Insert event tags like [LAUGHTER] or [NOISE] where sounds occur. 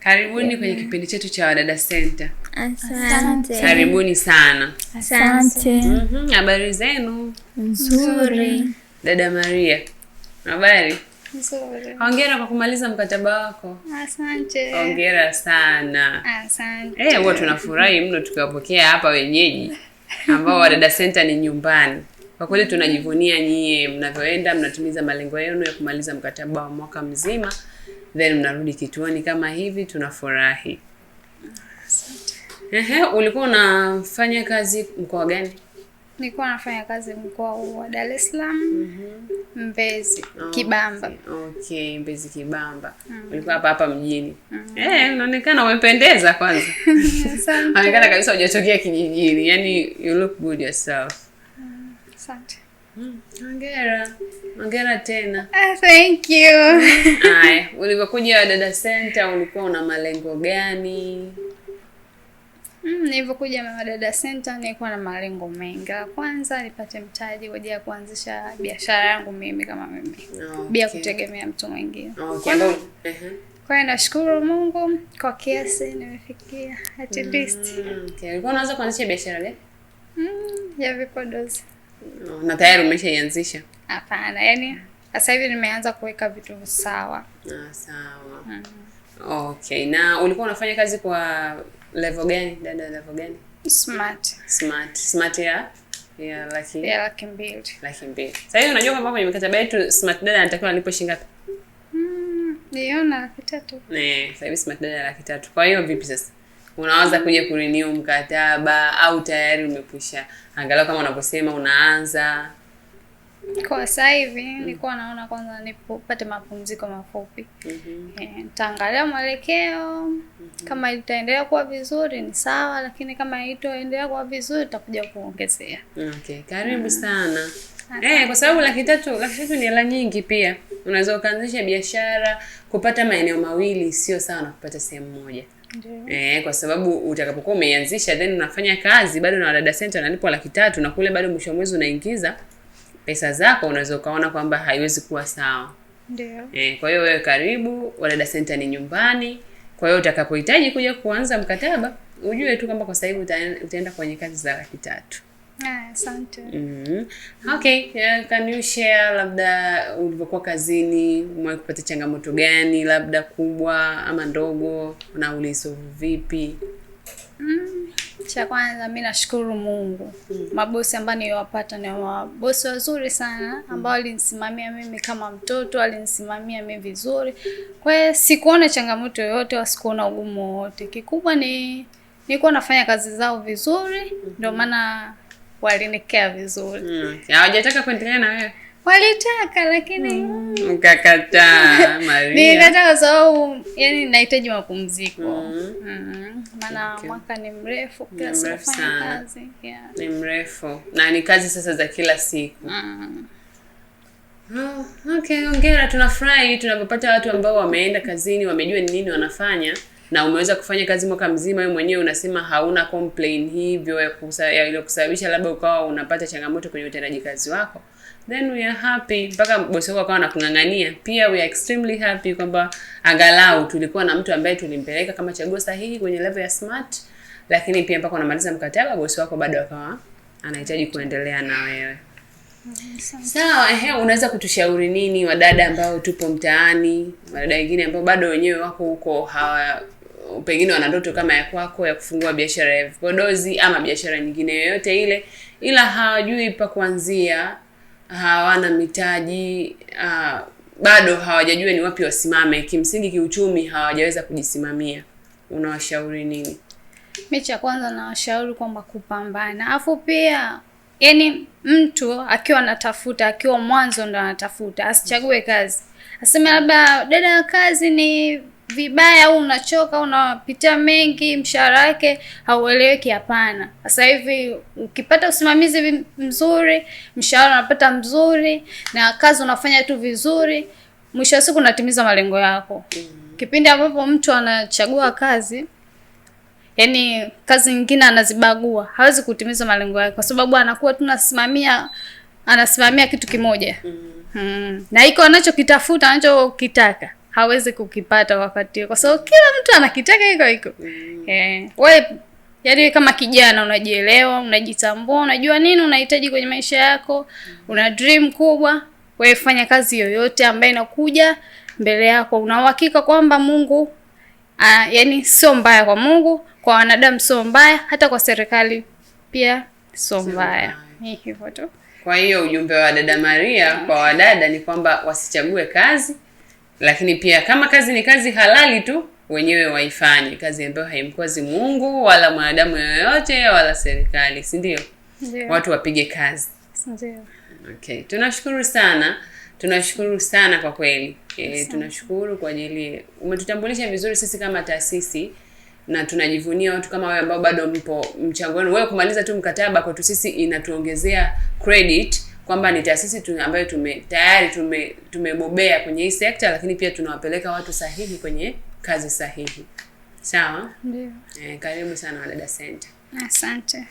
Karibuni kwenye kipindi chetu cha Wadada Center. Asante. Karibuni sana. Asante. Mhm, habari mm -hmm. zenu? Nzuri. Dada Maria, habari? Nzuri. Hongera kwa kumaliza mkataba wako. Asante. Hongera sana. Asante. Eh, huwa tunafurahi mno tukiwapokea hapa wenyeji ambao Wadada Center ni nyumbani. Kwa kweli tunajivunia nyie mnavyoenda mnatimiza malengo yenu ya kumaliza mkataba wa mwaka mzima then mnarudi kituoni kama hivi, tunafurahi. Ehe, ulikuwa unafanya kazi mkoa gani? Nilikuwa nafanya kazi mkoa wa Dar es Salaam. mm -hmm. Mbezi. Okay. Kibamba. Okay, okay. Mbezi Kibamba. mm -hmm. Ulikuwa hapa hapa mjini. mm -hmm. Eh, unaonekana umependeza kwanza. Asante. Unaonekana [LAUGHS] kabisa hujatokea kijijini. Yaani you look good yourself. Mm, asante. Mm, Hongera. Hongera tena. Ah, thank you. Hai, ulivyokuja Wadada Center ulikuwa una malengo gani? Mm, nilivyokuja Wadada Center nilikuwa na malengo mengi. La kwanza nipate mtaji kwa ajili ya kuanzisha biashara yangu mimi kama mimi. Okay. Bila kutegemea mtu mwingine. Okay. Kwa hiyo nashukuru Mungu kwa kiasi nimefikia at mm, least. Mm, okay. Ulikuwa unaanza kuanzisha biashara gani? Mm, ya vipodozi. No, na tayari umeshaianzisha? Hapana, yani sasa hivi nimeanza kuweka vitu sawa. Ah, sawa. Mm. Okay, na ulikuwa unafanya kazi kwa level gani dada, level gani? Smart. Smart. Smart ya ya laki ya laki mbili. Laki mbili. Sasa hivi unajua kwamba kwenye mkataba wetu smart dada anatakiwa alipo shilingi ngapi? Mm, niona na laki tatu. Eh, sasa hivi smart dada laki tatu. Kwa hiyo vipi sasa? unaanza kuja kurenew mkataba au tayari umekwisha, angalau kama unavyosema unaanza kwa sasa hivi mm. Nilikuwa naona kwanza nipate mapumziko mafupi mm -hmm. E, nitaangalia mwelekeo mm -hmm. Kama itaendelea kuwa vizuri ni sawa, lakini kama itoendelea kuwa vizuri itakuja kuongezea. Okay, karibu mm. sana eh, kwa sababu laki tatu laki tatu ni hela nyingi. Pia unaweza ukaanzisha biashara. Kupata maeneo mawili sio sawa na kupata sehemu moja. Eh, kwa sababu utakapokuwa umeianzisha then unafanya kazi bado na Wadada Center unalipwa laki tatu na kule bado mwisho mwezi unaingiza pesa zako, unaweza ukaona kwamba haiwezi kuwa sawa. Ndio. Eh, kwa hiyo wewe karibu, Wadada Center ni nyumbani. Kwa hiyo utakapohitaji kuja kuanza mkataba ujue tu kwamba kwa sasa hivi utaenda kwenye kazi za laki tatu. Ah, asante. Mm. Okay, yeah, can you share labda ulivyokuwa kazini, umewai kupata changamoto gani labda kubwa ama ndogo na ulisolve vipi? Mm. Cha kwanza mi nashukuru Mungu. Mm. Mabosi ambao niliwapata ni mabosi wazuri sana mm. ambao walinisimamia mimi kama mtoto, walinisimamia mimi vizuri. Kwa hiyo sikuona changamoto yoyote, wasikuona ugumu wowote. Kikubwa ni nilikuwa nafanya kazi zao vizuri, ndio mm-hmm. maana walinikea vizuri mm. hawajataka kuendelea na wewe? Walitaka lakini ukakataa. Mm. Mm. [LAUGHS] kwa sababu yani nahitaji mapumziko mm. mm. maana mwaka ni mrefu, kila kazi yeah. ni mrefu na ni kazi sasa za kila siku mm. Oh, okay, ongera. Tunafurahi tunapopata watu ambao wameenda kazini, wamejua ni nini wanafanya na umeweza kufanya kazi mwaka mzima, wewe mwenyewe unasema hauna complain hivyo ya kusababisha labda ukawa unapata changamoto kwenye utendaji kazi wako, then we are happy mpaka bosi wako akawa anakung'ang'ania. Pia we are extremely happy kwamba angalau tulikuwa na mtu ambaye tulimpeleka kama chaguo sahihi kwenye level ya smart, lakini pia mpaka unamaliza mkataba bosi wako bado akawa anahitaji kuendelea na wewe. Sawa, ehe, unaweza kutushauri nini wadada ambao tupo mtaani, wadada wengine ambao bado wenyewe wako huko hawa pengine wana ndoto kama ya kwako ya kufungua biashara ya vipodozi ama biashara nyingine yoyote ile, ila hawajui pa kuanzia, hawana mitaji uh, bado hawajajua ni wapi wasimame. Kimsingi kiuchumi hawajaweza kujisimamia. Unawashauri nini? Mi cha kwanza nawashauri kwamba kupambana, afu pia yani mtu akiwa anatafuta akiwa mwanzo ndo anatafuta, asichague kazi, aseme labda dada ya kazi ni vibaya au unachoka, unapitia mengi, mshahara wake haueleweki. Hapana, sasa hivi ukipata usimamizi mzuri, mshahara unapata mzuri, na kazi unafanya tu vizuri, mwisho wa siku unatimiza malengo yako. Kipindi ambapo mtu anachagua kazi yani kazi nyingine anazibagua, hawezi kutimiza malengo yake, kwa sababu anakuwa tu nasimamia, anasimamia kitu kimoja mm. mm. na iko anachokitafuta anachokitaka hawezi kukipata wakati, kwa sababu kila mtu anakitaka hiko hiko mm. Eh, wewe yaani kama kijana unajielewa, unajitambua, unajua nini unahitaji kwenye maisha yako mm. una dream kubwa, wewe fanya kazi yoyote ambayo inakuja mbele yako, una uhakika kwamba Mungu aa, ah, yani sio mbaya kwa Mungu, kwa wanadamu sio mbaya, hata kwa serikali pia sio mbaya. hivyo tu. Kwa hiyo ujumbe wa dada Maria kwa mm. wadada ni kwamba wasichague kazi lakini pia kama kazi ni kazi halali tu wenyewe waifanye, kazi ambayo haimkozi Mungu wala mwanadamu yoyote wala serikali, si ndio? Watu wapige kazi. Okay, tunashukuru sana, tunashukuru sana kwa kweli e, tunashukuru kwa ajili umetutambulisha vizuri sisi kama taasisi na tunajivunia watu kama wewe ambao bado mpo mchango wenu. Wewe kumaliza tu mkataba kwetu sisi inatuongezea credit kwamba ni taasisi tu, ambayo tume, tayari tume, tumebobea kwenye hii sekta, lakini pia tunawapeleka watu sahihi kwenye kazi sahihi. Sawa, ndio. Eh, karibu sana Wadada Center. Asante.